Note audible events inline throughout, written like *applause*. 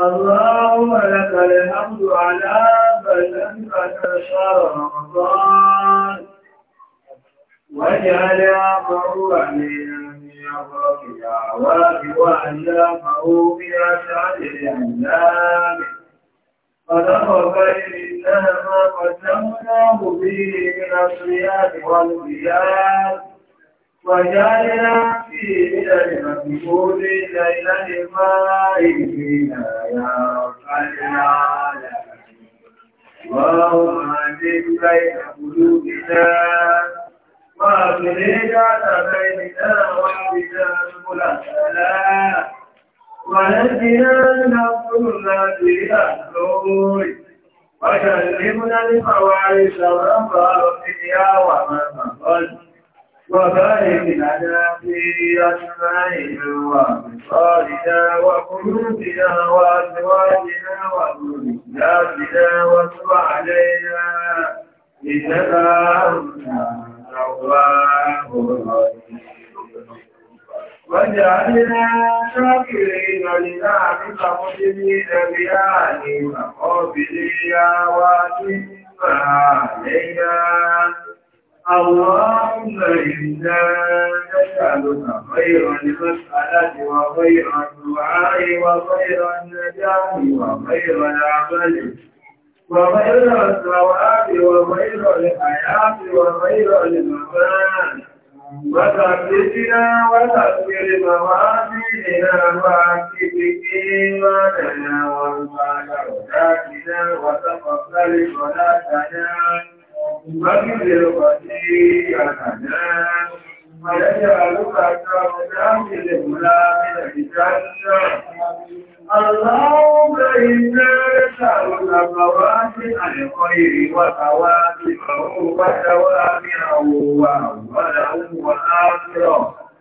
اللهم لك الحمد على بلدك رمضان وجعل عمره علينا من يغرق يا واجب وعلامه من أشعر الأعلام فنفق إنها ما قدمناه به من الصيام والقيام وجعلنا في المقبول ليلة الفائزين يا رب العالمين اللهم أعزل بين قلوبنا واغفر بيننا واهدنا سبل السلام ونجنا من الظلمات إلى النور وجنبنا الفواحش والأمراض الدنيا وما مضت وبارك لنا في أسمائنا وأبصارنا وقلوبنا وأزواجنا وذرياتنا وتب علينا إنك أنت التواب الرحيم واجعلنا شاكرين لنعمك مسلمين بآله وقابلين واتمها علينا اللهم إنا نسألك خير المسألة وخير الدعاء وخير النجاة وخير العمل وخير الثواب وخير الحياة وخير الممات وثبتنا وثبت موازيننا وأكد إيماننا وارفع درجاتنا وتقبل صلاتنا مبرر وفي الأنام ويجعلك كردام لغلام الجنة اللهم إنا نسألك فواتح الخير وخواتمه وتوابعه وأوله وآخره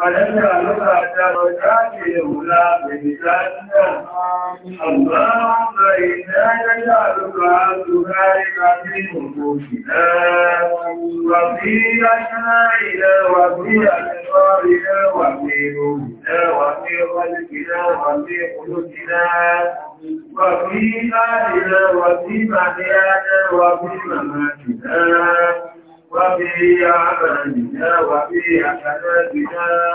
ولنا لغة رجعت الأولى بذاتنا اللهم إنا نجعلك عبدك لك نفوسنا وفي أسمائنا وفي أسرارنا وفي نورنا وفي خلقنا وفي خلقنا وفي آلنا وفي محيانا وفي مماتنا وفي عملنا وفي حسناتنا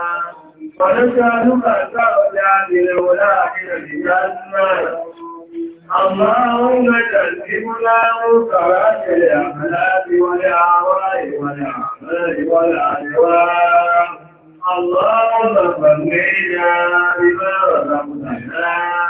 ونسألك الدرجة الأولى من الجنة اللهم جنبنا منكرات الأخلاق والأعراء والأعمال والأهواء اللهم فنينا بما رزقتنا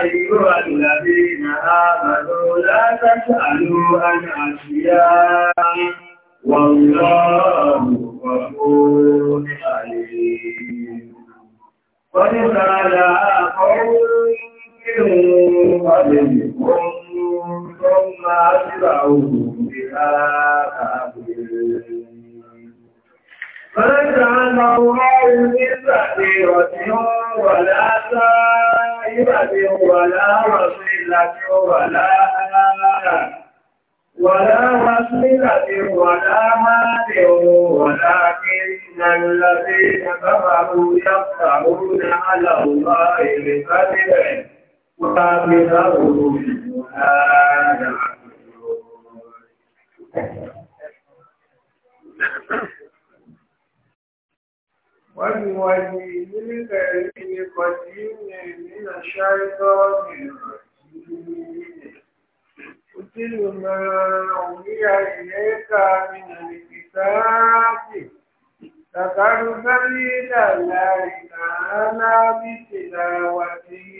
أيها الذين آمنوا لا تسألوا عن أشياء والله غفور عليم قد سأل قوم من قبلكم ثم أتبعوهم بها فليس عن الله من بصيرة ولا سائل ولا وصلة ولا آه ولا وصلة ولا مال ولكن الذين كفروا يفترون على الله بكذبه وأكثرهم لا يعلمون وبوجهه الكريم قديم من الشيطان الرجيم قتل ما أولي إليك من الكتاب تقرب إلى الله تعالى بتلاوته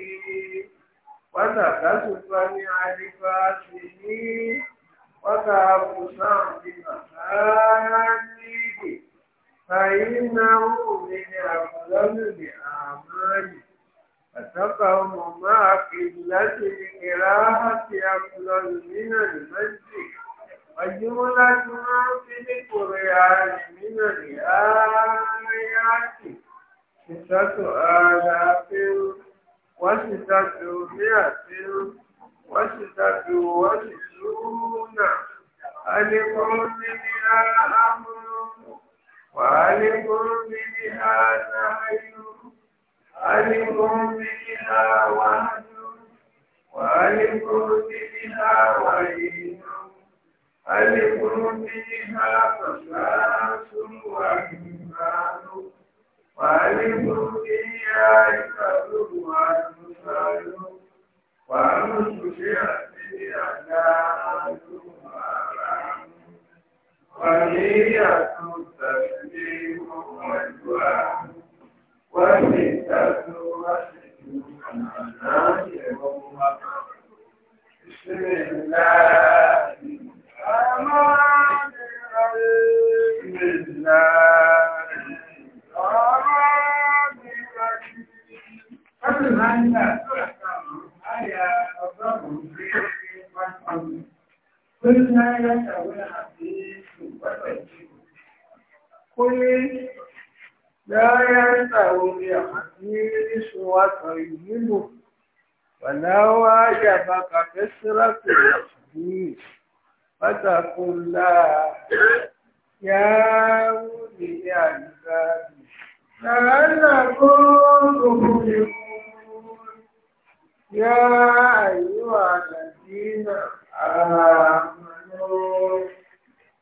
وتكسفا لعرفاته وتعفصا بمحامده فإنه من أفضل الأعمال فتقوم معك الله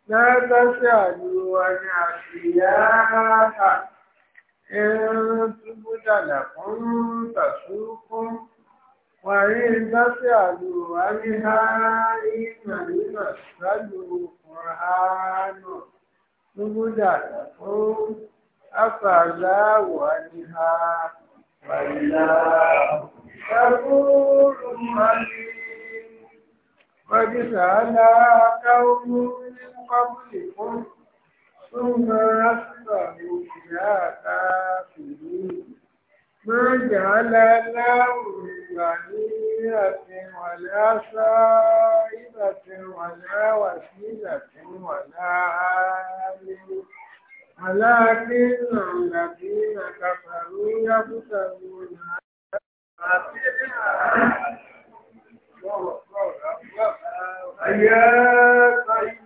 nadai aụwaadịnaaha ha eetula pọụka kụ gwae daị aụwadịharịnaa anụụ ha nọ ụla pọụ akọla ụịhahụ dị alakaụ قبلكم ثم أكثروا بها كافرين ما جعل الله من بنية ولا سائبة ولا وسيلة ولا عامل ولكن الذين كفروا يبتغون يا طيب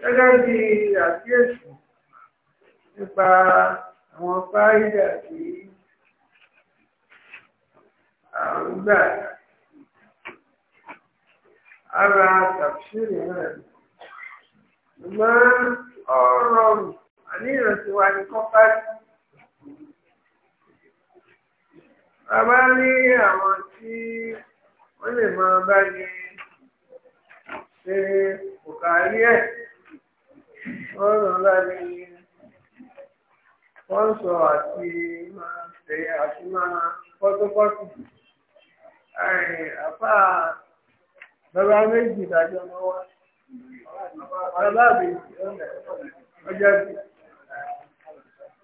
gẹ́gẹ́ bí àkíyèsí nípa àwọn fáyidà tí à ń gbà ara tàbísírì náà ṣùgbọ́n ó rọrùn àníyàn ti wà ní kọ́pá bàbá ní àwọn tí wọ́n lè máa bá ní ṣe kòkàrí ẹ̀. ọrụ rán anyị wọ́n sọ ma ṣe àti máa a àpá bàbá méjì dájọ́ mọ́ bàbá mi ọjọ́ bí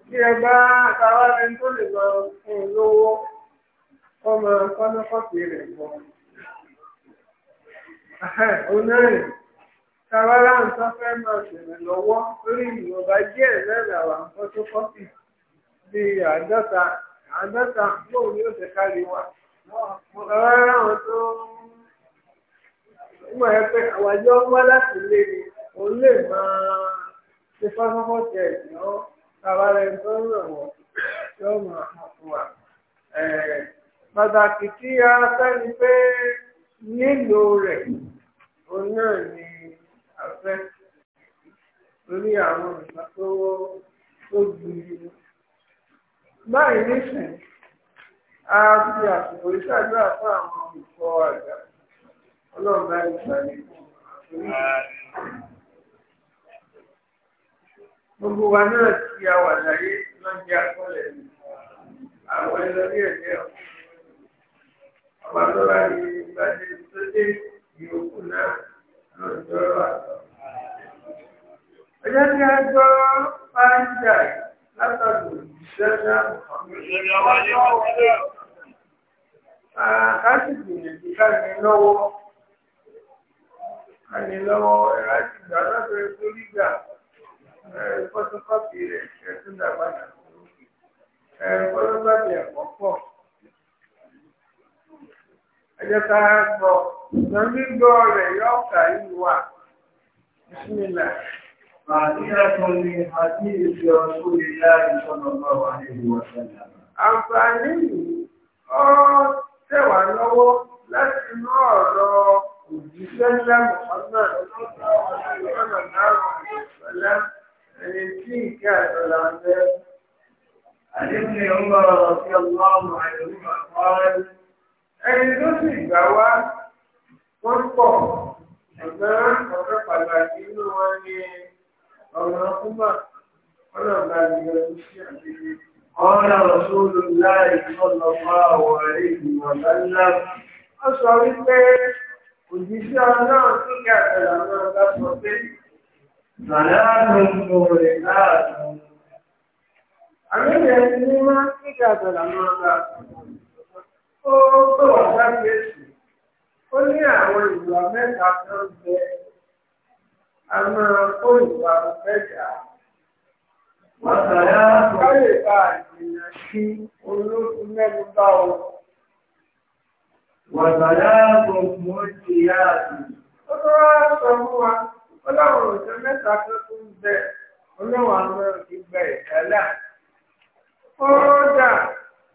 bí ẹ bá tàwa ẹni tó lè lọ fún un lówó rẹ̀ Òun náà tàbára nǹkan fẹ́ máa ṣẹ̀rẹ̀ lọ́wọ́ lórí ìwọ̀nba díẹ̀ lẹ́rẹ̀ àwọn nǹkan tó kọ́pì bíi àádọ́ta àádọ́ta bóun yóò ṣe kárí wa tàbára àwọn tó ń mọ̀ ẹ́ pé àwàjọ wá láti lé ni òun lè máa ṣe fọ́nfọ́n tẹ̀ ìnáwó tàbára ẹni tó ń ràn yóò máa fún wa. pàtàkì tí a fẹ́ ni pé nílò rẹ̀ òun náà ni afẹ́ lórí àwọn nǹkan tó tó gbìyànjú báyìí nísìn a fi àsìkò ìṣàdúrà fún àwọn olùkọ́ àgbà ọlọ́run bá yìí sáré gbogbo wa náà tí a wà láyé lọ́jọ́ akọ́lẹ̀ mi àwọn ẹlẹ́rí ẹ̀jẹ̀ ọ̀pọ̀ àtọ́lá ni ìgbàdé tó dé ìyókù náà. Ẹjẹ́ tí a gbọ́ pàǹjà látàdù ìṣẹ́lá Àkásìkò ìrìnkì káàkiri lọ́wọ́, káàkiri lọ́wọ́ ẹ̀rá ti gbà lábẹ́ tó rígbà ẹ̀rẹ́ fọ́tọ́kọ́pì rẹ̀ ṣẹ̀tún dàgbàdà. Ẹ̀rẹ́ fọ́tọ́kọ́pì ẹ̀kọ́ pọ̀ ẹ̀jẹ̀ ká gbọ́ lọ́gbígbọ́ rẹ̀ yóò kà yìí wà bísímìlà. Àǹfààní yìí ó tẹ̀wá lọ́wọ́ láti mú ọ̀rọ̀ òjíṣẹ́ ńlá Muhammad lọ́nà márùn-ún ìṣọ̀lá ẹni tí ìkẹ́ àtọ̀là ń bẹ́. Àdébìnrin ọmọ ọ̀rọ̀ sí ọlọ́run àìlú àkọ́rẹ́ ẹni tó sì gbà wá wọ́n pọ̀ ọ̀gbọ́n ọ̀gbọ́n pàtàkì inú wọn ni ọ̀rọ̀ kúmà ọ̀rọ̀ gbàgbé sí àgbègbè. ọ̀rọ̀ rọ̀ṣọ́lù láì sọ̀nà bá ọ̀rẹ́ ìgbìmọ̀ lálá. wọ́n sọ wípé òjíṣẹ́ ọlọ́run tó kí àtàlà náà bá sọ pé sàlárù ń bò rẹ̀ àmì ìrẹsì ní wọ́n kí àtàlà náà bá sọ pé ó pè wá sáfíyèsí ó ní àwọn ìwà mẹ́ta kan bẹ a máa kó ìwà mẹ́ta wàtàlá ká lè bá ìrìnà sí olóògùn mẹ́nu bá ọ. wàtàlá gbogbo ó ti yá àti. ó tó wá sọ fún wa ó láwọn òṣèlú mẹ́ta kan tó ń bẹ olóòwò àwọn ìgbà ìdálà. ó dà.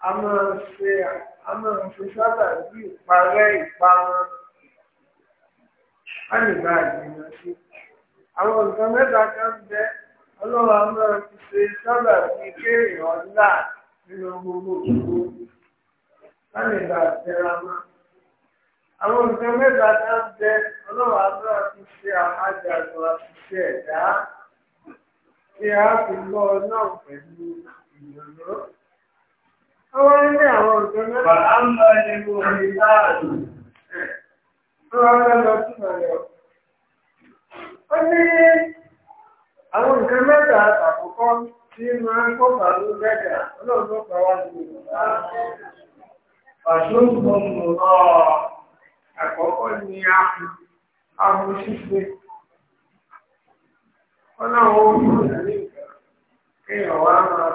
a máa ṣe ṣe sábà bí ìparẹ́ ìpamọ́ á lè bá ìgbìmọ̀ sí. àwọn nǹkan mẹ́ta kan bẹ ọlọ́run a máa fi ṣe sábà bí kéèyàn nínú gbogbo á lè bá àwọn nǹkan mẹ́ta ọlọ́run a máa ṣe àjàgbọ̀n àṣìṣe ẹ̀dá a fi náà pẹ̀lú Ọwọ́ àwọn òṣèlú ní àwọn mẹ́ta àkọ́kọ́ tí máa ń kọ́pà ló mẹ́ta ọlọ́ọ̀lọ́pà wà ní ìgbà. àkọ́kọ́ ni ahùn ṣíṣe. Ọlọ́run ó fún ìrìn kéèyàn máa.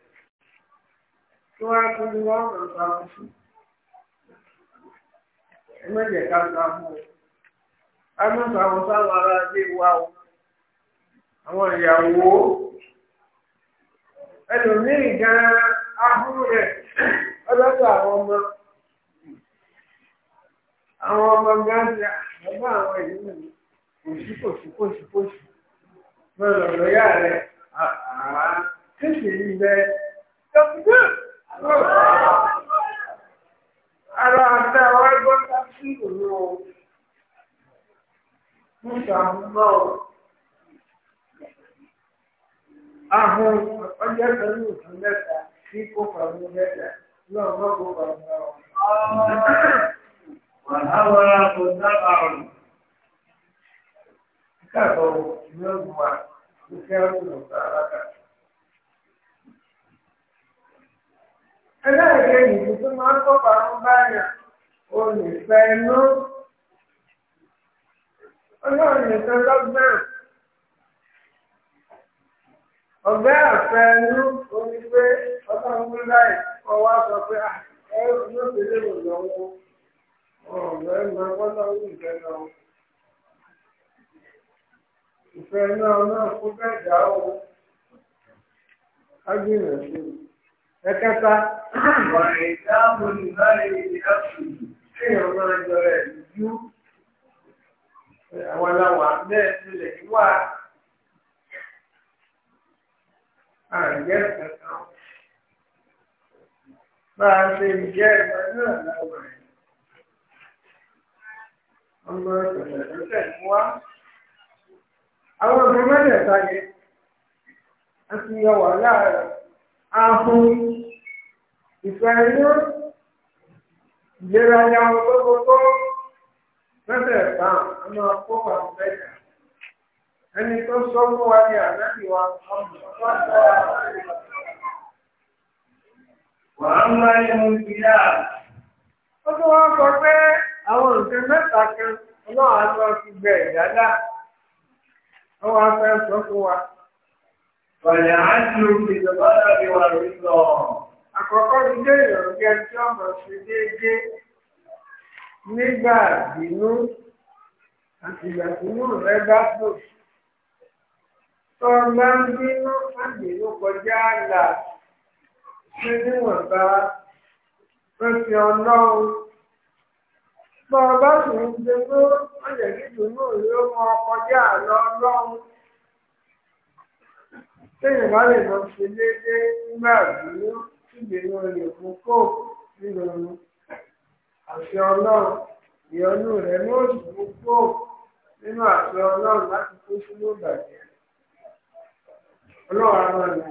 síwájú ni wọ́n mọ̀ bá ọhụrụ a o. àwọn ìyàwó ẹlòmíì gan rẹ̀ àwọn ọmọ. àwọn ọmọ gan ti àbá àwọn ìlú mi kòsí kòsí kòsí kòsí. mo rẹ̀ Ara àtà wá gbọ́ta sí òun o. Mú ṣàmúmọ́ o. Ahun ọjọ́ ìtọ́jú òfin mẹ́ta sí kópa ní mẹ́ta náà mọ́ kópa náà. Wàhálà kò dábàá ọ̀rùn. Ìkàtọ̀ ni ó gbà ní kẹ́rù alákàtà. ẹlẹ́ẹ̀kejì tó máa ń kópa ń báyà olùfẹ́ inú ọlọ́run nìkan lọ́gbọ́n ọ̀gá àfẹ́ inú láì ọwọ́ sọ pé ah, ẹ̀rọ ló fi lè wò lọ́wọ́ ọ̀rọ̀ ẹ̀kẹta ọ̀rẹ́ ìdáàbò ní báyìí ní àpò kéèyàn máa jọ rẹ̀ lójú àwọn aláwọ̀ bẹ́ẹ̀ tilẹ̀ wà àjẹ́ kankan bá a ṣe jẹ́ ìgbà náà láwọ̀ rẹ̀ ọmọ ìpẹ̀lẹ̀ tó tẹ̀ wá àwọn ọmọ mẹ́tẹ̀ẹ̀ta yẹn a ti yọ wà láàárọ̀ ahun ìfẹ́ inú ìlera ya gbogbogbò mẹ́fẹ̀ bá a máa kó àwọn ẹ̀yà ẹni tó sọ fún wa ní àdáyé wa ọmọ ọgbà wàá ń bá yẹn mú sí yá. ó tún wá sọ pé àwọn nǹkan mẹ́ta kan ọlọ́run á lọ sí gbẹ ìdádá Bọ̀dẹ̀ á ti òkè ìjọba ìwà rí lọ. Àkọ́kọ́ ti jẹ́ ìrọ̀lẹ́ tí ọmọ ṣe déédéé nígbà bínú àti ìgbà bínú rẹ bá bò. Tọ́ bá ń bínú àgbèrú kọjá àlà ṣé níwọ̀nba tó ti ọlọ́run. Bọ́ bá sì ń gbé mú ọ̀jẹ̀ kíkùnú yóò mọ kọjá àlọ́ ọlọ́run kéèyàn bá lè lọ ṣe déédéé nígbà tí ìgbìmọ̀ rẹ̀ kò nínú àṣẹ ọlọ́run ìyọnú rẹ̀ ní oṣù tó kó nínú àṣẹ ọlọ́run láti kó sínú ìbàjẹ́ ọlọ́run àwọn ọ̀nà.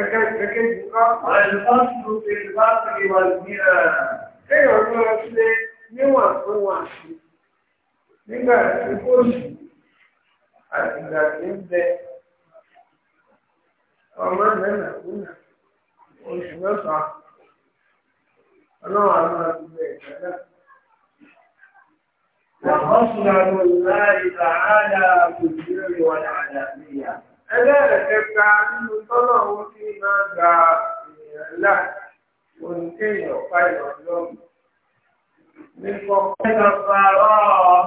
Ẹ̀kẹ́jì kọ́. Ọ̀rẹ́ ló ń tún ṣe láti wà ní ẹ̀. Kéèyàn lọ ṣe níwọ̀n fún wàṣí nígbà tí kò sùn. àtìgbà tí ń bẹ ọmọ mẹ́rin kúnà oṣù mẹ́fà ọlọ́run àwọn àdúgbò ẹ̀ka náà. وحصل الله تعالى بالبر والعلانية. ألا تبقى منه طلعه فيما دعا الله والكيل خير لهم. من فوق الضرار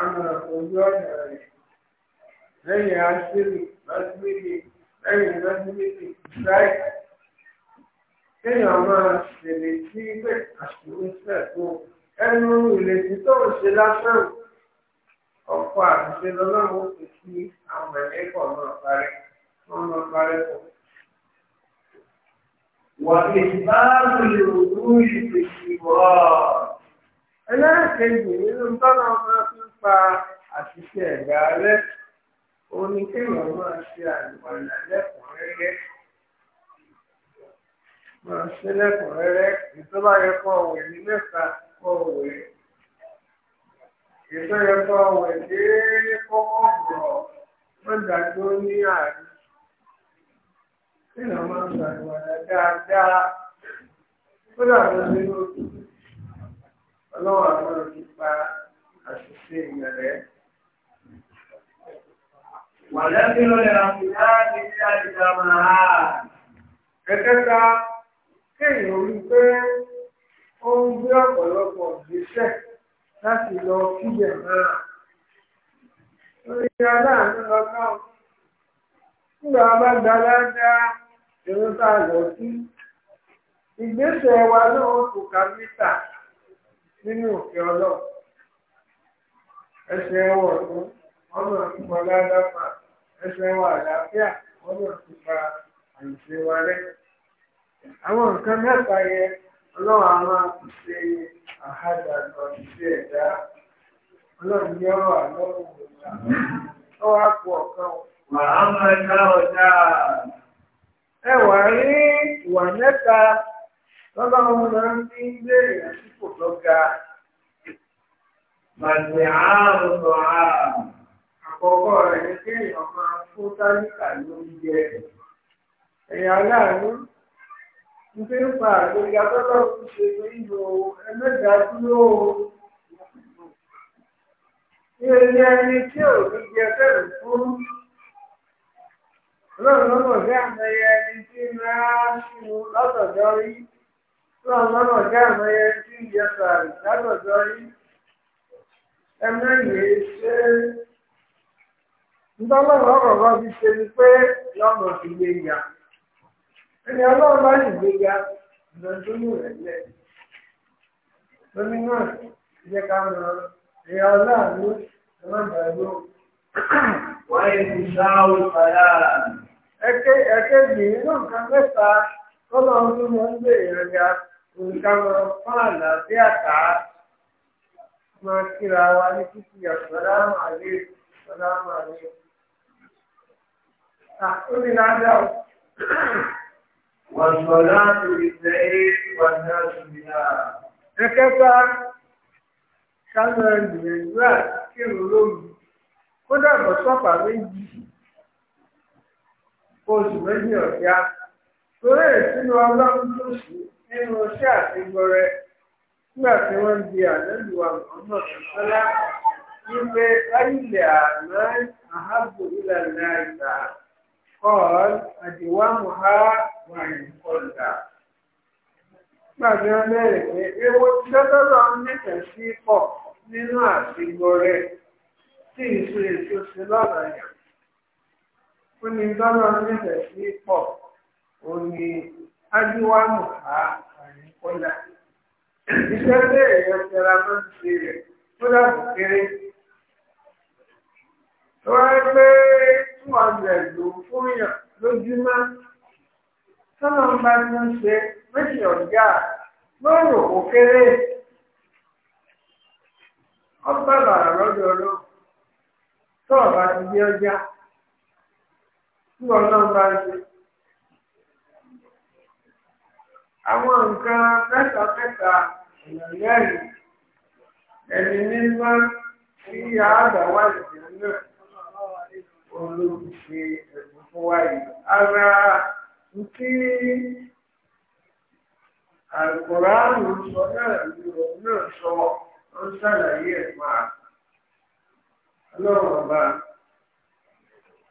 àmọ́ ojú ọ̀nà rẹ̀ lẹ́yìn asírì lọ́sibítì lẹ́yìn lọ́sibítì láì kéèyàn máa ṣèlè sí pé àṣírí sẹ́ẹ̀kú ẹnu ìrètí tó ń ṣe lásán ọ̀pọ̀ àṣìṣe lọ́lọ́run ti fi àwọn ẹ̀lẹ́kọ̀ọ́ náà parí wọ́n máa parí pọ̀. wà ìbáàrù ìrònú ìpèsè ẹlẹ́ẹ̀kejì nínú tọ́lá máa nípa àṣìṣe ẹ̀dá rẹ̀ ó ní kéèyàn máa ṣe àlùmọ̀nà lẹ́kùnrẹ́rẹ́ máa ṣe lẹ́kùnrẹ́rẹ́ ìtọ́ba yẹ kọ́ ọ̀wẹ̀ ní mẹ́ta kọ́ ọ̀wẹ̀ ìtọ́ yẹ kọ́ ọ̀wẹ̀ déédéé kọ́kọ́ bọ̀ wọ́n dàgbó ní àárín kéèyàn máa ṣàlùmọ̀nà dáadáa kódà lọ nínú ọlọ́wọ́ àwọn òṣìṣẹ́ àṣìṣe ìrẹ̀lẹ̀. Wàlẹ́bí ló lè ràmùdá ní ní àdìjà máa. Ẹ̀kẹta, kéèyàn rí pé ó ń gbé ọ̀pọ̀lọpọ̀ ìgbésẹ̀ láti lọ síbẹ̀ náà. Orí aláàánú lọ́gbọ́n. Nígbà bá gba ládàá, èrò tá a lọ sí. Ìgbésẹ̀ wa náà kò ká mítà nínú òfin ọlọ́run. ẹsẹ̀ ẹwọ̀ ọ̀tún wọ́n máa ń pa ládàpà ẹsẹ̀ ẹwọ̀ àlàáfíà wọ́n máa àyùṣe àwọn nǹkan mẹ́ta yẹ, ọlọ́run á máa fi ṣe ẹ̀dá ọlọ́run ní ọ̀rọ̀ àlọ́run ọ̀gá ọ ọ̀kan. máa ọjà. ẹ wà rí ìwà mẹ́ta lọ́lọ́run ń bí ilé Bàtì àárùn a ààrùn. Àkọ́kọ́ rẹ̀ ní kéèyàn máa fún táríkà lóúnjẹ. Ẹ̀yà aláàánú, ń fi ń fa àgbéga tọ́lọ́ ṣe ìlò ẹlẹ́dàá dúró o. Ilé ní ò ní jẹ fẹ́rẹ̀ fún. Ọlọ́run lọ́mọ̀ sí ẹni tí ń Ọlọ́run ẹni tí ń sàrì ẹlẹ́yìí ṣe ńdọ́lọ́rọ̀ ọ̀rọ̀ bá ṣe ni pé lọ́nà ti ya ẹni ọlọ́run bá sì gbé ya ìdọ̀túnú rẹ̀ lẹ̀ lómi náà ká mọ ẹ̀yà wáyé ti sáyà. ẹ̀kẹ́ ẹ̀kẹ́ náà mẹ́ta tọ́lọ́run ló máa ń gbé ìrìn nǹkan fún àlàáfíà máa kíra wa ní títí àsàlámù àlékùm àsàlámù àlékùm. Àkúrí ládà ó. Wàsọ̀láàtù ìfẹ́ wàdáàtù ìlà. Ẹ̀kẹ́ta kánà gbìyànjú àti kírun lóru. Kódà bọ̀ sọ́pà méjì. Oṣù méjì ọ̀gá. Torí èsì ni ọlọ́run tó sùn nígbà tí wọ́n di àdẹ́lùwà mọ́mọ́ sọ́lá wípé ayílẹ̀ àná àhábò ìlànà ìta kọ́ọ̀l àdìwámù ha wà ní kọ́ńdà. nígbà tí wọ́n bẹ̀rẹ̀ pé ewu tí dọ́dọ́rọ̀ nífẹ̀ẹ́ sí pọ̀ nínú àtìgbò rẹ̀ tí ìṣe èso ṣe lọ́nà ó ní dọ́dọ̀ nífẹ̀ẹ́ sí pọ̀ òní adíwámù ha wà ní kọ́ńdà iṣẹ́ bẹ́ẹ̀ yẹn tẹra máa ń ṣe rẹ̀ tó dàbò kéré. wọ́n á gbé two hundred ló fún yàn lójúmọ́ sọ́nà ń bá ní ṣe méjì ọ̀gá lọ́rùn kò kéré. ọgbà bàrà lọ́dọ̀ ọlọ́run tó ọ̀bá ti gbé ọjà tí ọlọ́run bá ń ṣe àwọn nǹkan mẹ́ta mẹ́ta ìyàlẹ́rìn ẹni mímá tí àádọ́ wà ìjẹ́ náà olùṣe ẹ̀bùn fún wa yìí ara tí àlùkòránù sọ náà ló náà sọ ó ń ṣàlàyé ẹ̀ ó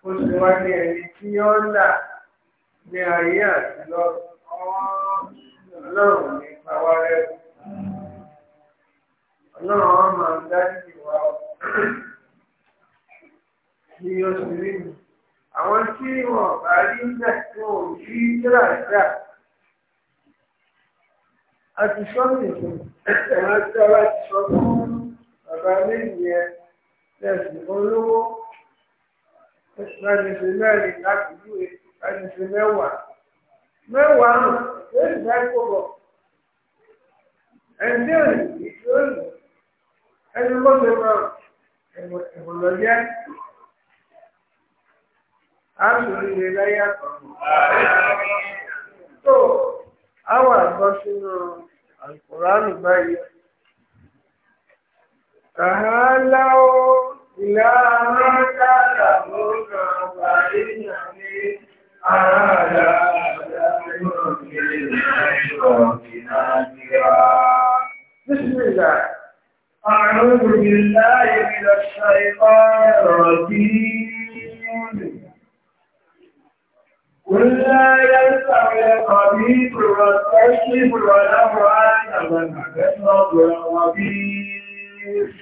sì wá ní ẹni tí ó ń là ní ayé àti lọ́rùn ọlọ́run nípa wá náà wọ́n máa ń dájú wá ọ. Ní oṣù rí mi, àwọn tí wọ́n bá rí ń bẹ̀ tí wọ́n ò rí kíra ìgbà. A ti sọ nìkan, ẹ̀rọ tí a bá ti sọ fún bàbá méjì yẹn lẹ́sìn olówó. Láti ṣe mẹ́rin láti júwe, láti ṣe mẹ́wàá. Mẹ́wàá náà, yóò sì dá kó bọ̀. Ẹ̀ńdẹ́rìn ìdí yóò lò ẹni ló ṣe mọ ẹ̀wọ̀n lọ jẹ́ àṣòrìlẹ̀ láyé àtọ̀rọ̀. tó àwọn àgbọ̀ sínú àkùránù báyìí. Kàhálà ó ìlà àmọ́ta àbúrò àbáyé nàní àràdà àdáyọ̀ nílẹ̀ ìṣòro ìnáníra. Bísí mi dà. أعوذ بالله من الشيطان الرجيم قل لا يستوي الخبيث والطيب ولو أن من كسب الخبيث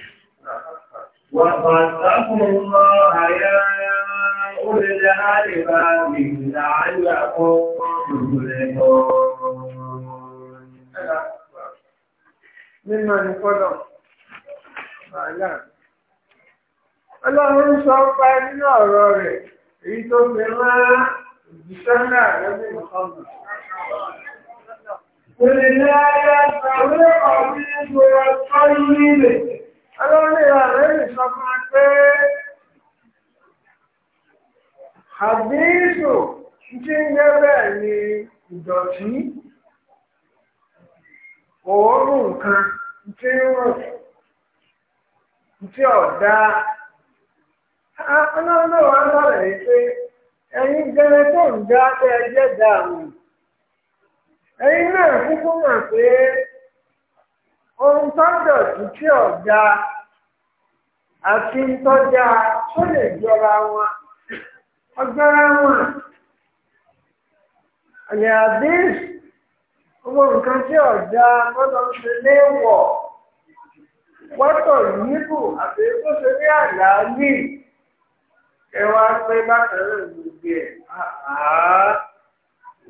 واتقوا الله يا أولي الألباب لعلكم تفلحون. Nínú ẹni fọ́dọ̀. Ọlọ́run sọ pa nínú ọ̀rọ̀ rẹ̀ èyí tó fi rán òjíṣẹ́ náà lọ́dún ìkọlù. Òlè ní ayé àtàwé ọ̀rí ìgbòrò tó yí lè. Ọlọ́run ìyá rẹ̀ lè sọ fún wa pé tí ọ̀dà ọlọ́run náà wà tó ń dá tẹ́ ẹ jẹ́ dààmú náà kúkú mọ̀ pé ohun tó ń dọ̀tí àti tọ́jà tó lè jọra wọn wọ́tọ̀ níbù àti tó ṣe rí àlàálì ẹ wá pé bákẹ́rẹ́ gbogbo ẹ̀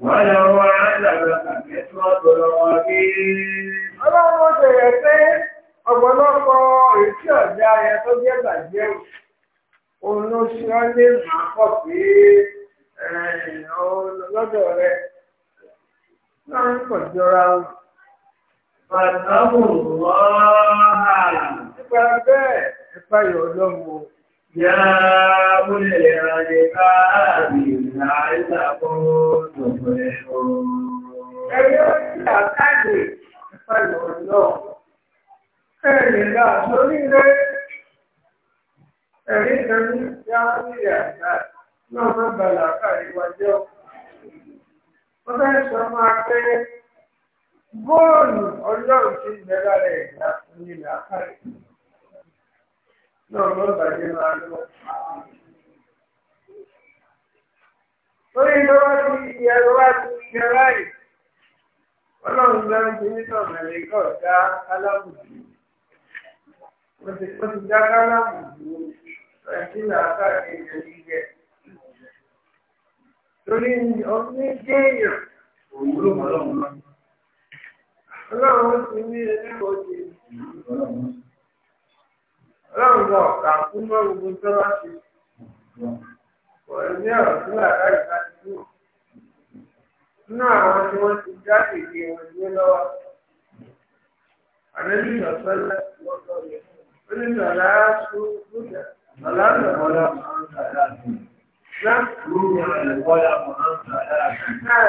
wọ́n lọ wá àjàgbà àti ẹ̀tọ́ ọ̀dọ̀lọ́wọ́ bí. ọlọ́run ó bẹ̀rẹ̀ pé ọ̀pọ̀lọpọ̀ èsì ọ̀dà Fàtàkùn lọ́hàá. Nípa bẹ́ẹ̀, nípa yọ̀ lọ́wọ́. Yá múlẹ̀ rẹ̀ káàbì láìsàkó tòfò ẹ̀họ́. Ẹgbẹ́ ó ti àkáàdì nípa yọ̀ lọ́wọ́. Ẹ̀rìn náà sórí rẹ̀. Ẹ̀rí kan ní yá múlẹ̀ àgbà náà má balà bóòlù ọlọ́run ti ń bẹ lára ẹ̀dá onílà kárí náà ló bàjẹ́ máa lọ. Orí lọ́wọ́ ti di ẹ̀rọ wá ti ṣe ráì. Ọlọ́run bá ń bíi náà mẹ̀lẹ́kọ̀ dá alábùdù. Wọ́n ti wọ́n ti dá alábùdù ẹ̀sìn àkàrí ilẹ̀ jíjẹ. Torí ọdún ní kéèyàn. Òun ló ọlọ́run ti ní ẹlẹ́wọ̀n ti ọlọ́run lọ kà fún mọ́ gbogbo tó bá ti kọ̀ ní ọ̀rọ̀ tí làdá ìta ti kú nínú àwọn tí wọ́n ti já kéde wọn gbé lọ́wọ́ àdébí ìyọ̀sọ́lá ó ní sọ̀lá sún lójà sọ̀lá sọ̀rọ̀ láti lóyún àwọn ìwọ́lá mọ̀ náà sọ̀lá.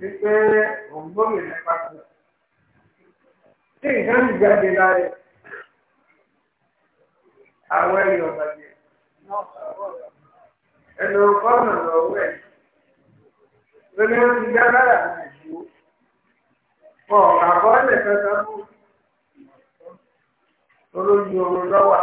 wípé òun gbóyè nípa kan tí nǹkan ti jáde láyé àwọn ẹ̀rí ọ̀gá jẹ ẹnu kọ́nà lọ́wọ́ ẹ̀ lónìí ó ti dá lára àwọn ìṣòwò ọ̀ àkọọ́lẹ̀ kankan mú olójú oorun lọ́wọ́.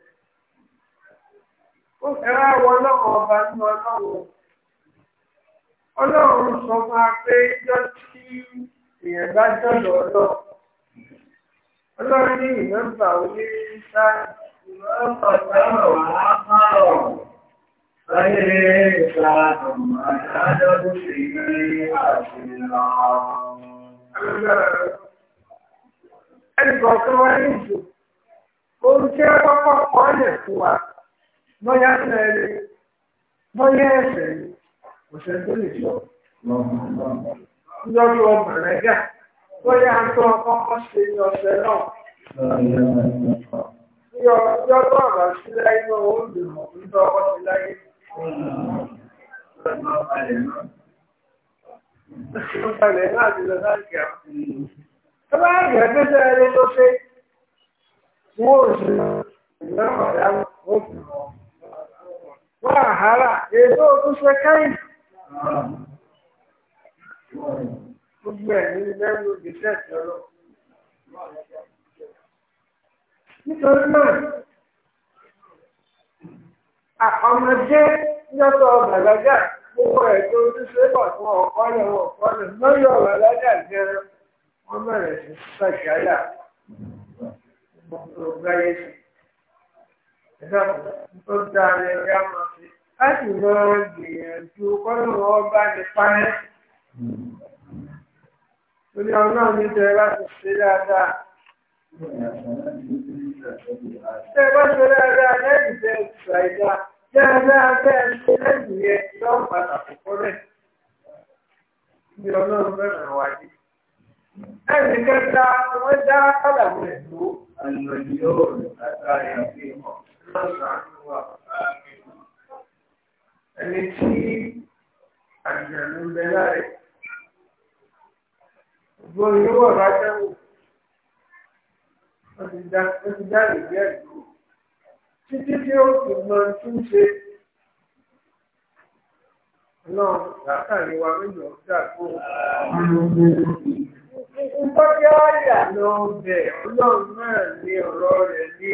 ẹ̀rọ àwọn ọlọ́run ọba nínú ọlọ́run ọlọ́run sọ fún wa pé jọ tí èèyàn bá jọ̀dọ̀ ọlọ́ ọlọ́run ní ìmọ̀ǹbà orí sá ìmọ̀ǹbà sábà wà á pààrọ̀ láyé ìta ọ̀mà ìdájọ́ sí àṣìlọ́ọ̀. ẹnì kọ̀ọ̀kan wá ní ìṣòro ohun kọ́kọ́ kọ́ ọ́ fún wa bóyá sẹ́ẹ̀rẹ̀ bóyá ẹ̀sẹ̀ ọ̀sẹ̀ tó lè jọ. lọ́dún ọbẹ̀rẹ̀ gà bóyá tó ọkọ̀ ṣe ní ọ̀sẹ̀ náà. Yọ ọjọ́ ọ̀rọ̀ sílẹ̀ inú oúnjẹ mọ̀ nígbà ọkọ̀ sí láyé. Ọ̀pẹ̀lẹ̀ náà ti lọ láti àwọn. Ẹ bá rẹ̀ gbẹ́sẹ̀ ẹni tó ṣe, wọ́n ò sí ìgbẹ́rọ̀ ọ̀dá ó fi hàn. wàhálà èdè òtún ṣe kẹ́yìn. Gbogbo ẹ̀ ní mẹ́rin ògbésẹ̀ tọ́lọ̀. Nítorí náà, àkọ́mọdé yọ́tọ̀ bàlágà gbogbo ẹ̀ tó bọ̀ fún ọ̀kọ́lẹ̀ ọ̀kọ́lẹ̀ wọ́n bẹ̀rẹ̀ sí sàṣàyà gbogbo sí. tó dára ẹ̀yà máa fi á sì máa gbìyànjú kọ́nà ọba ní parẹ́. Torí ọ̀nà mi tẹ láti ṣe dáadáa. Ṣé bá ṣe dáadáa lẹ́yìn tẹ ìtura ìdá? Dáadáa bẹ́ẹ̀ ṣe lẹ́yìn yẹn lọ́wọ́ pàtàkì kọ́lẹ̀. Ibi ọ̀nà mẹ́rin wáyé. Ẹnì kẹta, wọ́n dá kọ́là tó. Àlọ́ yóò rẹ̀ látàrí àfihàn ẹni tí àjẹ̀lú ń bẹ láàrẹ̀ gbogbo ìwọ̀ bá tẹ́wò ó ti dáre bí ẹ̀dùn títí tí ó fi mọ tí ń ṣe náà látàrí wa méjì ọ̀gá kó ń bọ́ kí á yà lọ bẹ̀ ọlọ́run náà ní ọ̀rọ̀ rẹ̀ ní.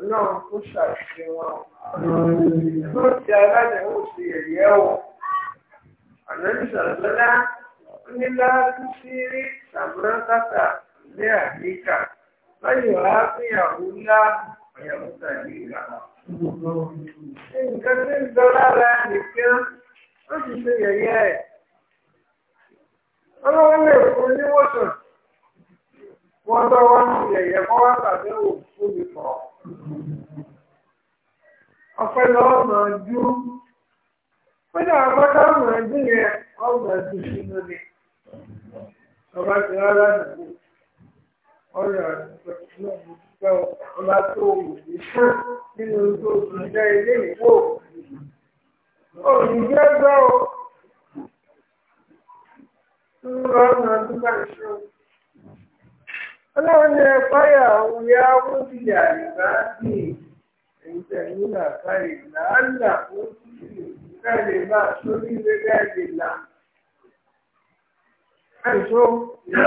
ọlọ́run kó ṣàṣìṣe wọn ló ti aládàáwò sí ẹ̀yẹ́ wọn ànábì sàlọ́lá nílá tó rí sàmúrántàtà ní àyíká láyò á fìyàwó ńlá ọ̀yàwó tàbí ìlà. nǹkan tí ń lọ lára nìkan ó sì ṣe yẹ̀yẹ́ ẹ̀ ọlọ́wọ́ lè fún níwòsàn wọ́n lọ́wọ́ ń yẹ̀yẹ́ kọ́ wá òfin ìfọ̀. ọ̀pẹ lọ́wọ́ máa dú kódà àbọ́dá máa dú yẹn ọgbà tó sínú ni ọba tí wọ́n lánàá ọ̀rọ̀ àtúntò náà ọlọ́run ní ẹ̀fáyà òun yá ó ti yà ìgbà sí ẹ̀yìn tẹ̀yìn làkà ìlà àlà ó ti ká lè máa sórí ilé gáàdì là. Àìsó. Yá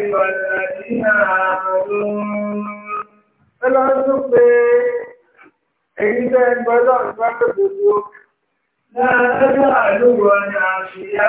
ìwàlá ní àrùn. Ọlọ́run tún pé èyí tẹ́ ń gbọ́ lọ́run bá tó gbogbo. ni àṣìyá.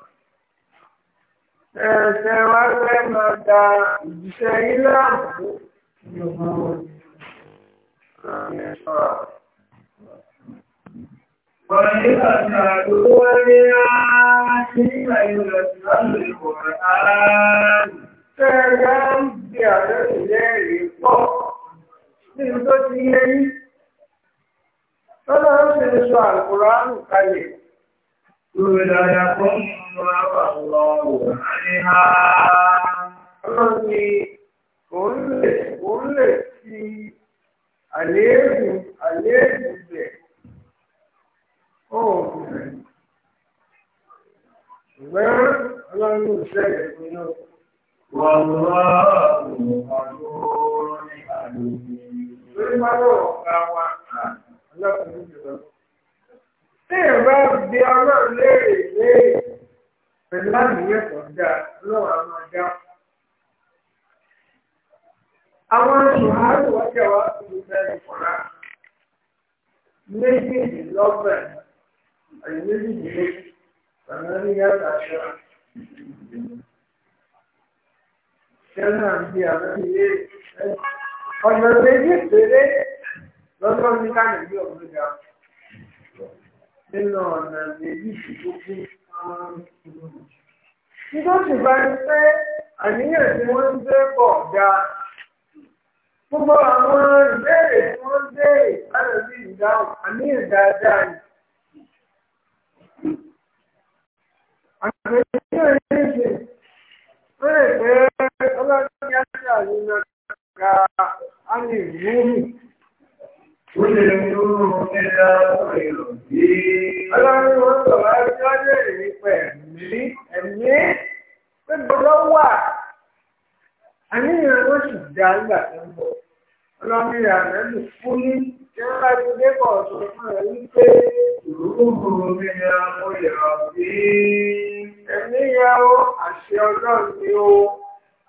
ẹ̀ẹ̀kẹ́ wá fẹ́ máa da ìjíṣẹ́ ilé àbò Tẹ́ẹ̀gá ń bí àjọ́ ìlẹ́rìí pọ̀ ní tó ti yẹ́ yí. Tọ́lá ń ṣe sọ àkùrá àrùn kalẹ̀. لكم وعفى الله عنها ọlọ́ni òun lè fi àléébù àléébù bẹ̀ ọ̀hún bẹ̀. ṣùgbọ́n ọlọ́run ìṣẹ̀lẹ̀ mi náà wà láàrùn àlọ́ ní àlọ́ mi. lórí bá lọ́wọ́ ká wá ọlọ́run ìṣẹ̀lẹ̀ mi tí ìrọ̀ bí ọlọ́run léèrè pé pẹ̀lú àníyàn tó dáa lọ́wọ́ àwọn ọjà. Àwọn ṣùgbọ́n wọ́jà wá sí ìfẹ́ ìfọ̀rá méjìdínlọ́gbọ̀n àti méjìdínlógún pẹ̀lú àníyàn àṣọ. Ṣẹ́nà àti àwọn ilé ọ̀nà méjì péré lọ́sọ̀ọ́ ní ká nìyí ọ̀gbìn dáa nínú ọ̀nà méjì tó kú. Nígbà tí bá ń pẹ́ àníyàn tí wọ́n ń gbé pọ̀ ga. Gbogbo àwọn ìbéèrè tí wọ́n ń béèrè láti bí ìdáhùn àníyàn dáadáa ni. Àgbẹ̀yìn ní ìṣe, wọ́n lè pẹ́ ọlọ́dún yára ní ọ̀gá àmì ìwúmi. Ọlọ́run wọn sọ̀rọ̀ ẹjọ́ lèrè nípa ẹ̀mí ẹ̀mí pé bọ́lọ́ wà. Àníyàn wọn sì dá nígbà tó ń bọ̀. Ọlọ́run ìyá mẹ́lì fún ní tí wọ́n bá ti débọ̀ sọ fún ẹ wípé ìrúgbùrù mi ni àwọn ìyàwó bí. Ẹ̀mí yẹn o, àṣẹ ọlọ́run ni o.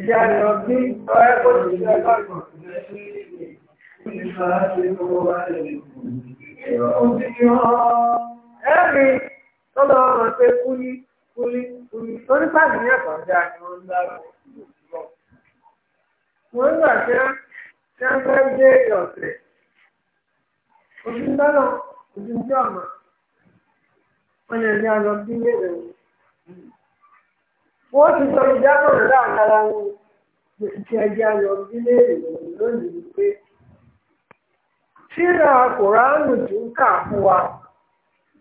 Ìyá lọ bí ọ̀rẹ́ kò sí ọlọ́run. Ẹ̀rí tó lọ tó ní pàdé ní ẹ̀kọ́ wọ́n ń gbà ń ń ọ̀nà. Wọ́n ní wọ́n ti sọ ìjábọ̀ rẹ̀ láàrin wọn ti ẹja lọ sílé ìròyìn lónìí pé síra kòránù tó ń kà fún wa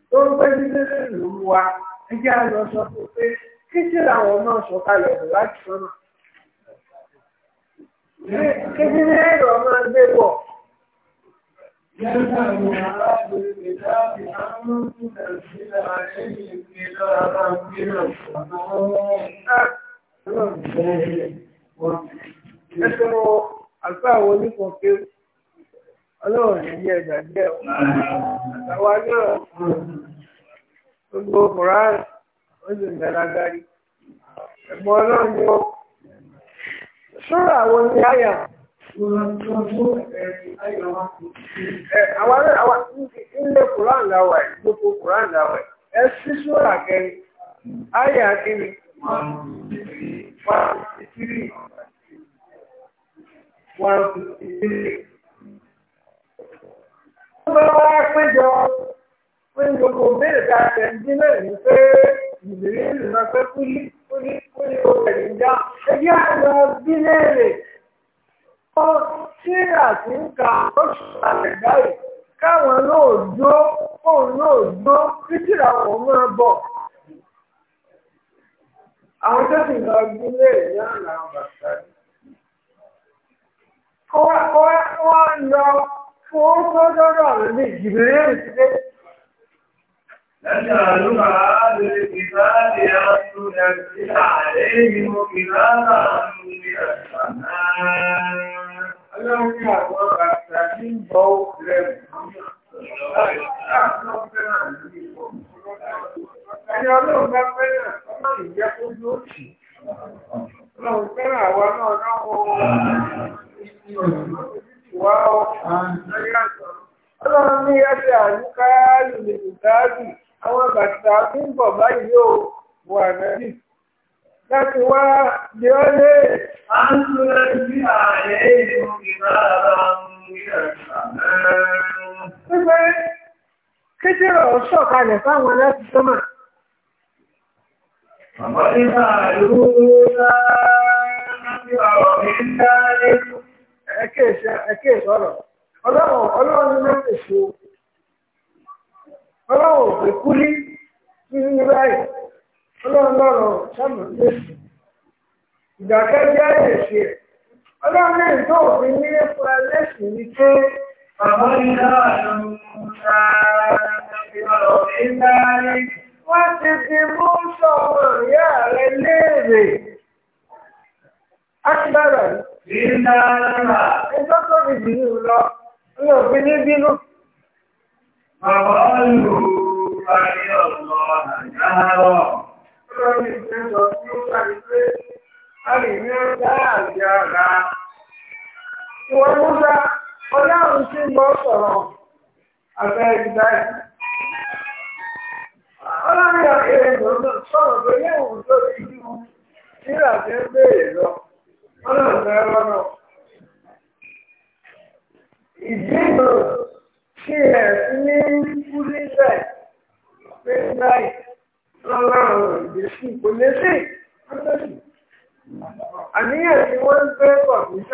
tó ń pẹ́ sí lẹ́sẹ̀ ló wa ẹja lọ sọ pé kí síra àwọn náà sọ kalẹ̀ bọ̀ láti sọ́nà. kí ni ẹ̀rọ máa gbé bọ̀. يذهب أهل الكتاب أن ننزل pé ọlọ́run ní Àwọn àwọn ilé Kùrán ndị ẹ̀, gbogbo Kùrán láwà ẹ̀, ẹ sí ṣúra kẹrin, akịrị kiri, wọ́n ti tírì, wọ́n ti tírì. Wọ́n gbogbo béèrè ká tẹ̀ ń dín ìlú máa fẹ́ ndị kúlí kúlí ó bẹ̀rẹ̀ tí àti ń ka oṣù àlẹ̀ báyìí káwọn náà dúró òun náà dúró títí àwọn bọ̀. àwọn tó sì lọ bí léèrè náà làwọn bàtà rí. wọ́n lọ fún sọ́dọ́dọ̀ àwọn bíi dé. Ọlọ́run ní àwọn bàtà ní bọ́ lẹ́gbùn. àwọn bàtà ní bọ̀ báyìí kalẹ̀ fáwọn aláṣìṣọ́mà. Àmọ́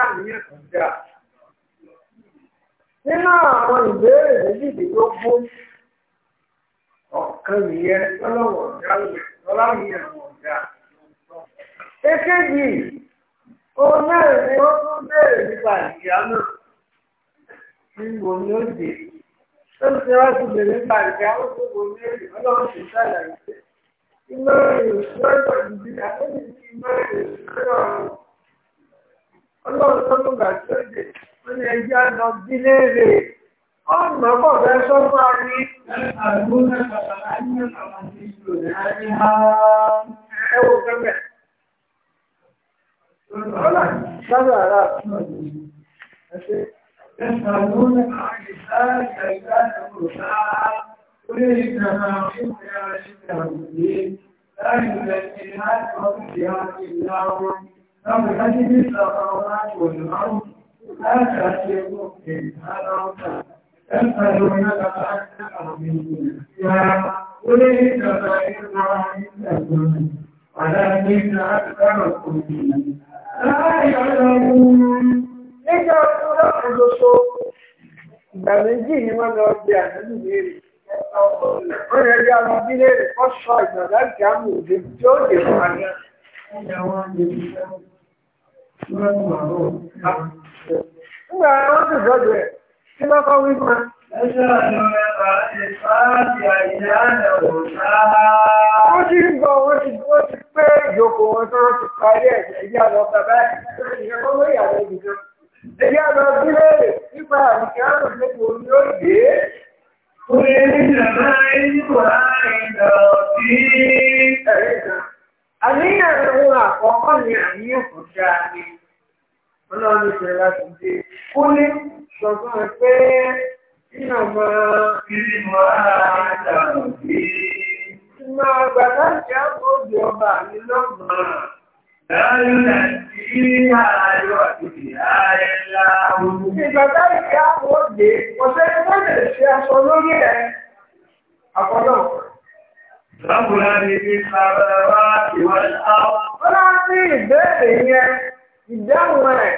káàníyàn tó dá. nínú àwọn ìbéèrè méjìdínlógún ọ̀kan nìyẹn lọ́lọ́wọ́ ọ̀dá lọ́láwìyàn ọ̀dá. èkejì òun náà ni wọ́n tún béèrè nípa ìyá náà níbo ni ó dé ó ń ṣe wáṣí bèrè nípa ìyá ó tún wo ní èrè ọlọ́run ṣe sálàyé iná èrè lọ́jọ́ ìdílé àtẹ́lẹ́sì iná èrè lọ́jọ́ ọ̀run ọlọ́run tó tó gbà tó dé wọ́n ní ẹjẹ́ lọ bí léèrè ọ̀nà bọ̀ bẹ́ẹ̀ sọ fún wa ní. ẹ wo gẹ́gẹ́. ọ̀nà sábà rà fún ọ̀dọ̀ yìí. يسألونك عن الساعة إذا تمسها قل إنما علمها عند ربي لا يزكيها وتزكيها إلا هو فبحجم السماوات والأرض wọ́n lọ bí àdúgbò léèrè. Wọ́n yẹ kí a lọ bí léèrè, wọ́n sọ ìgbà láti tí ó dé fún àná. Nígbà wọ́n ti sọ́jọ́ ẹ̀, tí bá kọ́ wí fún ẹ. Ẹjọ́ ìlú ẹ̀bà ti fáàtì àìyá ẹ̀wọ̀n sáà. Wọ́n ti ń bọ̀, wọ́n ti pé ìjókòó wọn tó ti parí ẹ̀ ẹ̀yà lọ bàbá ẹ̀. Ẹ̀yà lọ bílẹ̀ nípa àdìkẹ́ àrùn gbogbo yóò dé àníyàn ohun àkọ́kọ́ ni àníyàn kò dáa ni ọlọ́run ti rẹ̀ láti dé kúlé ṣọ̀gbọ́n pé nínú ọmọ ìlú àádọ́ òbí ìmọ̀ àgbàdá ìjà òbí ọba mi lọ́gbọ̀n. Láyé Nàìjíríà ayọ̀ àti ààrẹ ńlá ojú. Ìgbàdá ìjà òbí ọ̀sẹ̀ ni wọ́n lè ṣe aṣọ lórí ẹ̀ àkọlọ́ọ̀kan. Rọ́pù láti ní sábẹ́ wá ìwọ̀n àwọn. Ó láti ìbéèrè yẹn, ìdáhùn ẹ̀,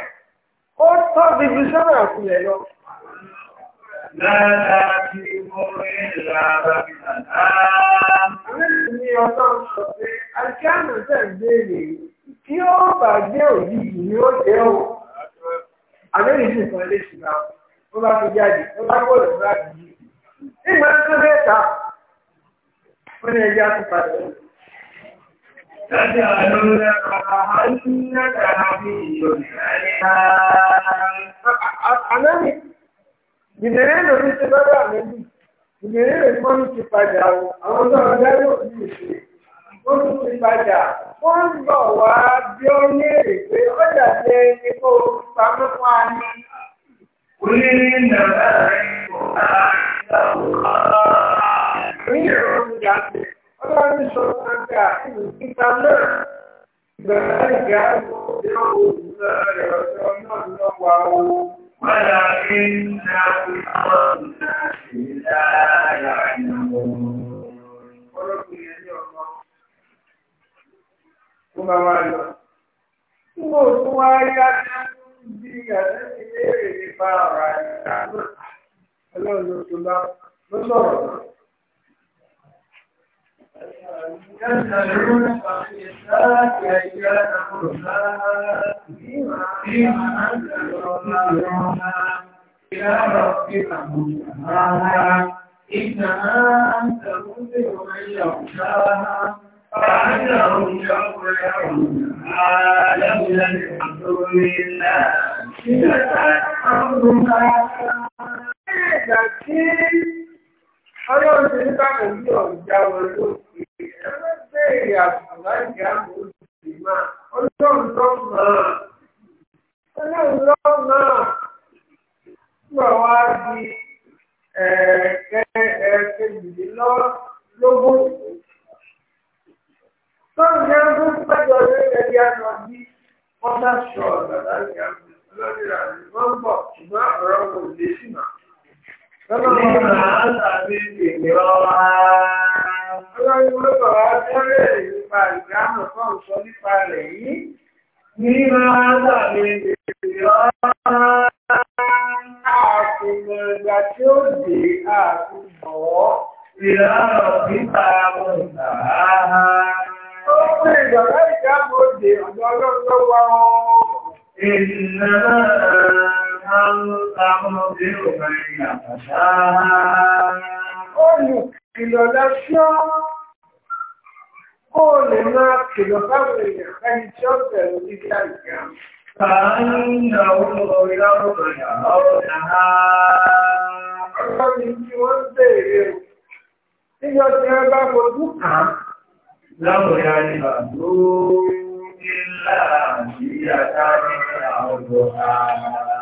ó tọ́ bí bí sọ́rọ̀ ìpìlẹ̀ lọ. Lára ti mú ìlà bàbí àdá. Àwọn ìsinmi ọlọ́run sọ pé, Àkíánù tẹ̀ ń béèrè, tí ó bà jẹ́ òjijì ni ó jẹ́ wọ́n yẹ jẹ́ àtúpadà. Tọ́jà lóra àhánúnàdà àbí ìyọ̀nìyà. Ànáni, ìbẹ̀rẹ̀ ti lọ́dọ̀ àmẹ́bí, ìbẹ̀rẹ̀ lórí wọ́n ti padà o, àwọn náà dárí òbí ìṣe. Wọ́n tún ti padà, wọ́n ń bọ̀ wá bí ó ní èrè pé ọjà jẹ́ ní ọlọ́run ló tó يسألونك عن الساعة أيان مرساها فيما أنت مرساها إلى ربك مرساها إنما أنت منذر من يخشاها فعندهم يوم يرونها لم يلحقوا إلا شدة أرضها تكفي ọlọ́run ti ní ìyá àwọn olùsè máa wọ́n bá bọ̀ ṣùgbọ́n ọ̀rọ̀ kò lè sí Ọlọ́run àádà ní ìgbèrọ Ọlọ́run ló bọ̀ wá Olùkìlọ̀ lọ́ṣọ́, ó lè máa kìlọ̀ báwọn èèyàn ẹni tí ó bẹ̀rù nígbà ìgbà. Fàánà olùkọ̀ ìlàwọ̀ ọ̀rọ̀ Ọlọ́run tí wọ́n bèèrè o, níjọ́ tí wọ́n bá fojú kàn láwọn ìyá ni bàbá ó ní láàrín àtàrí àwọn ọ̀rọ̀ ààrẹ.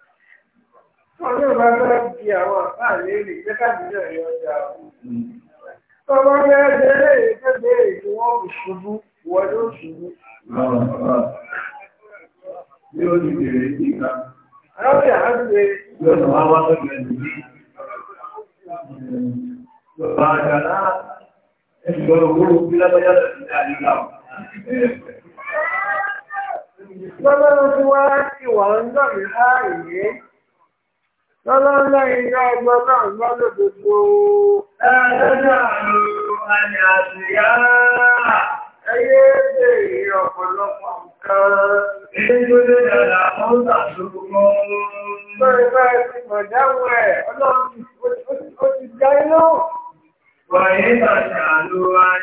Ọlọ́run bá fẹ́ di àwọn àfáà léèrè jẹ́ káàdì náà yọ ọjà ọ̀hún. Tọ́lá bẹ́ẹ̀ bẹ́ẹ̀ bẹ́ẹ̀ bẹ́ẹ̀ ni wọ́n kò ṣubú, wọ́n ló ṣubú. Bí ó ti bèrè ní ìka. Arábìnrin àádọ́ bèrè. Yóò Lọ́lọ́lẹ́yìn ní ọgbọ́n náà lọ́lọ́ gbogbo ẹgbẹ́jọ́ àrùn àṣìyá. ọ̀pọ̀lọpọ̀ nǹkan. Bẹ́ẹ̀ bá mọ̀ ẹ̀, ọlọ́run ti وإذا سألوا عن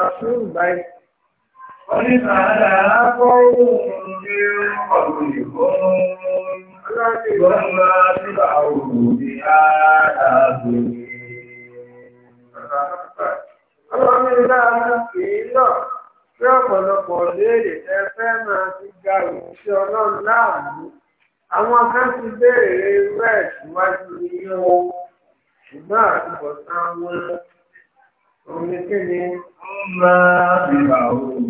ìgbà ìgbà ونفعل قوم قبلهم وما تبعوا بآياتهم Ọlọ́run ní láàárín kìí náà tí ọ̀pọ̀lọpọ̀ léèrè ẹfẹ́ máa ti Àwọn akẹ́ ti wọn. kí ni? Ó máa òun.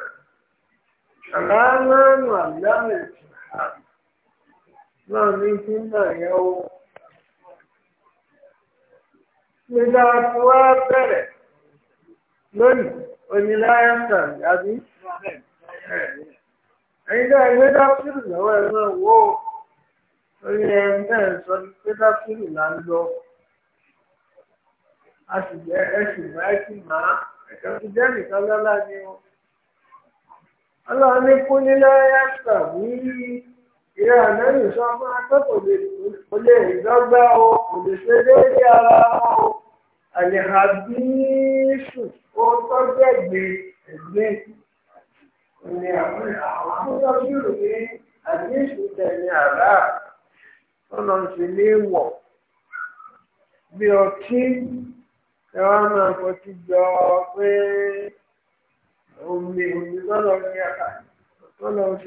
Àmánù àdáàlè náà ní kí náà yẹ ó. Nígbà tí wá bẹ̀rẹ̀ lónìí, oníláyà sàn àbí. Ẹ̀yin náà gbé dákìrì lọ́wọ́ ẹ náà wó. Orí ẹ náà sọ pé dákìrì là ń lọ. A ni o ọlọ́run ní kú nílẹ̀ ẹ̀sà ní ìrẹ́ ànáyìn sọ fún akẹ́kọ̀ọ́ kò lè dọ́gba o kò lè ṣe déédéé ara wọn o àlèhàbíṣù ó tọ́jú ẹ̀gbẹ́ ẹ̀gbẹ́ ní àwọn àwọn ní àbíṣù tẹ̀lé àrà ọ̀nà sì ní wọ̀ bí ọtí ẹ wá máa jọ pé. òmìnir òmìnir tọ́lọ̀ ní ẹ̀ka tọ́lọ̀ ń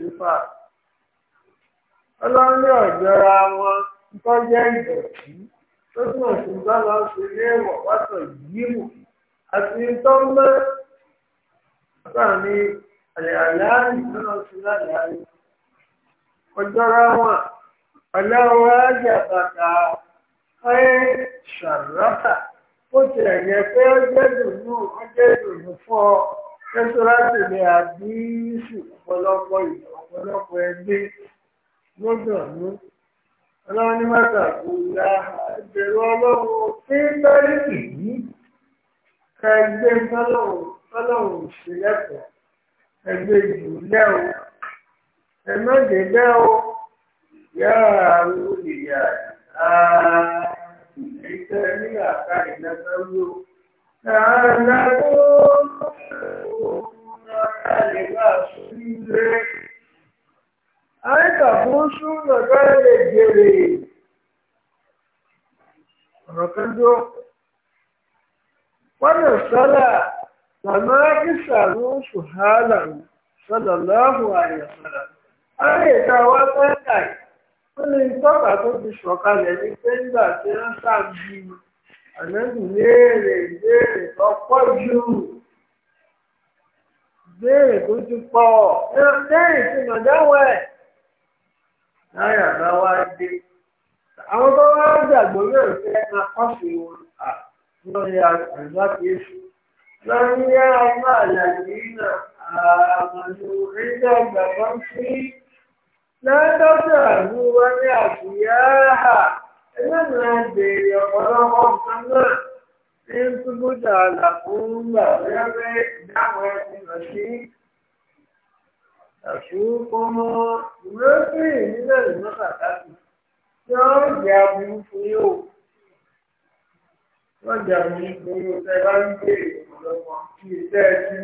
ọlọ́run wọn àti ṣàrọ́tà ó ti ẹ̀yẹ pé fún ọ. kẹsọ́láṣì ni àdíṣù ọ̀pọ̀lọpọ̀ ọ̀pọ̀lọpọ̀ ẹgbẹ́ lọ́dọ̀ọ́nù ọlọ́run ní mọ́tà kò ya àjẹrò ọlọ́run tí tọ́lìkì yìí ká ẹgbẹ́ tọ́lọ́run sí lẹ́kọ̀ọ́ ẹgbẹ́ jù lẹ́wọ̀ ẹ̀mẹ́jẹ̀ lẹ́wọ̀ yára olùyà ààrẹ ìtẹ́ nígbà ká ìdájọ́ ló. anyị ka bụ a nọgara ejere ọ̀rọ̀kẹ́jọ́ wọ́nà sọ́lá lànà kíṣà ló ń ṣùhálà sọ́lá lọ́hùn àyẹ̀sọ́lá ayé ìta wá pẹ́ẹ́tà wọ́n ní tọ́ka tó ti sọ̀kalẹ̀ ní pẹ́ńgbà tí wọ́n sàbí ànábì béèrè tó ti pọ̀ lẹ́yìn tí màdáwọ̀ ẹ̀ láyà bá wá dé àwọn tó wá gbàgbọ́ náà fẹ́ máa kọ́sì wọn àlàyé náà àmàlù ẹgbẹ́ sí lọ́dọ́dọ̀ àbú wọlé àbúyá ẹgbẹ́ ọ̀pọ̀lọpọ̀ nǹkan náà. Ní wọ́n jẹ́ aburú fún yóò. bá ń gbé ìpọ̀lọpọ̀ kí iṣẹ́ ẹ̀sùn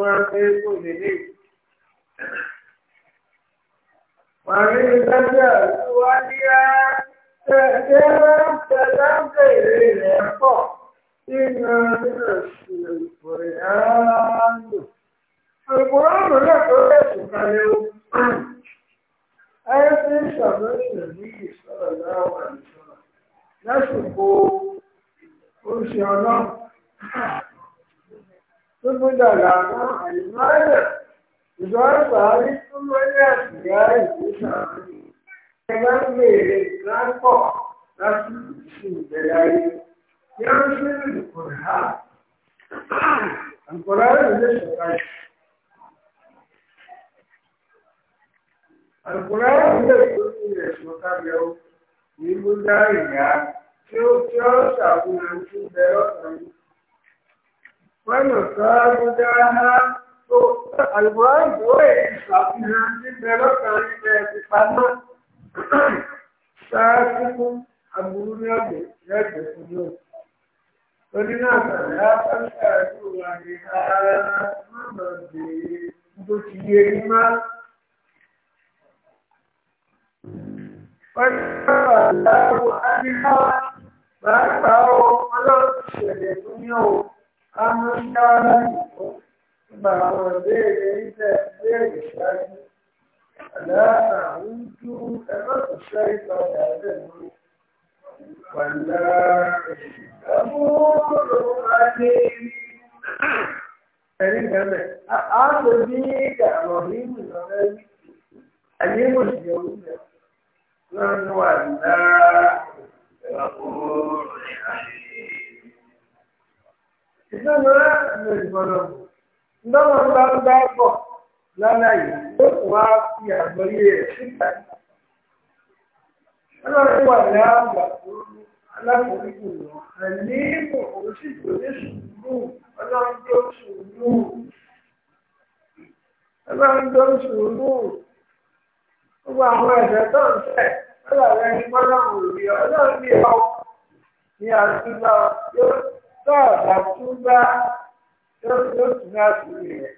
wọn pé kò lè lè. Wàá rí i lọ́jọ́ àti wá ní á. Ẹ̀jẹ̀ tẹ̀lé bèrè rẹ̀ lórí àtìyá ìgbésà àárín ẹ máa ń béèrè lápọ̀ láti ìsìn ìbẹ̀rẹ̀ ayé ní wọ́n ṣe ń lè kọ̀ ha àǹkọ̀rọ̀ ayé lè ṣọ̀tà yìí. àǹkọ̀rọ̀ ayé lè tó ní ilẹ̀ ṣọ̀tà yẹ̀wò ní gbọ́dá ìyá tí ó tí ó ṣàfihàn sí bẹ̀rẹ̀ ọ̀sán yìí. wọ́n lọ sọ àgbọ́dá *coughs* ṣáájú fún aburú ní ọ̀gbẹ̀ lẹ́gbẹ̀ẹ́ fún yóò. Torí náà bàbá Afẹ́ríkà yóò wà ní ara mọ̀nà bèèrè bó ti yé ní má. Wọ́n ti bá bàbá àwọn Adéháwá pàápàá ọlọ́run ṣẹlẹ̀ tó ní ọ̀hún. Amúdáwá ní àwọn ìbéèrè ń bẹ̀rẹ̀ ìṣáájú. auụae a anị wụue anayị dọrọdaa lálẹ́ yìí ó kò wá fi àgbọ̀yé rẹ̀ síta. ọlọ́run wà ní àgbà alákòókò àní kò kò sì kò ní sùúrù ọlọ́run tó sùúrù ọlọ́run tó sùúrù gbogbo àwọn ẹ̀ṣẹ̀ tó ń ṣẹ̀ ọlọ́run ẹni pọ́nlọ́run òbí ọlọ́run bí ọ ní àtúbà yóò tọ́ àtúbà yóò tún ní àtúbà rẹ̀.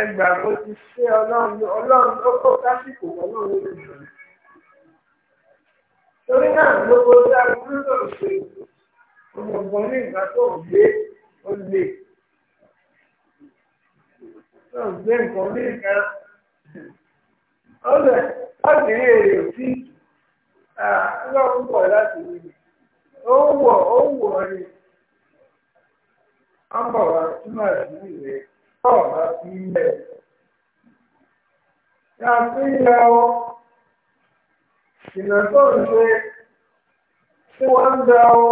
ẹgbà bó ti ṣe ọlọ́run ọlọ́run ó kó kásìkò ọlọ́run ló ti sùn. torí náà gbogbo tá a gbúdọ̀ lò ṣe ọmọọmọ ní ìgbà tó ń gbé ó lè tó ń gbé nǹkan ní ìka ọ̀lẹ̀ láti rí èrè òfin ọlọ́run bọ̀ láti rí ó wọ̀ ó wọ̀ ni wọ́n bọ̀ túmọ̀ sí ìrẹ́ ọ̀rọ̀ sí ilẹ̀. ọ, ìnà tó ń ṣe tí wọ́n ń da ọ,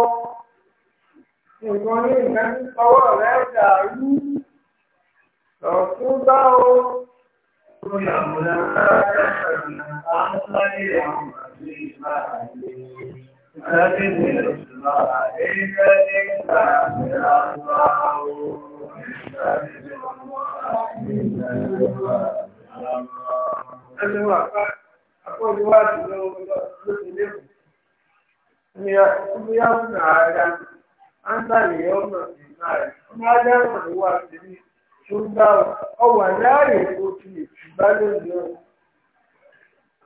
nǹkan ní ìgbà tí ọwọ́ rẹ̀ dàrú, ọ̀tún bá ọ. Thank you. ẹni wà àkọ́jú wá sí lọ lóṣù lẹ́kọ̀ọ́ ni ọmọbíyá ń nà áyá ándàlì ọmọ sí náà ọmọ ájá ọrụ rìn wá sí ní ṣúgbà ọwà láàyè tó ti ìtìgbà lónìí ọ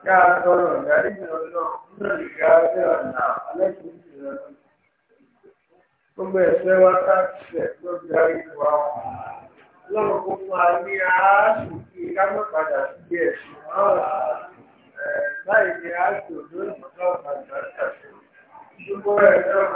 yáa sọ̀rọ̀ ìdáríjì ọlọ́run náà ìgbà ọjọ́ ọ̀nà alẹ́ kìí ṣe gbogbo ẹ̀fẹ́ wa ká ṣẹ̀ lórí ayé wa lọ́wọ́ kó fún wa ní aṣòfin kámọ́ padà sí ẹ̀sìn náà báyìí ni aṣòfin ló ń bọ̀ náà padà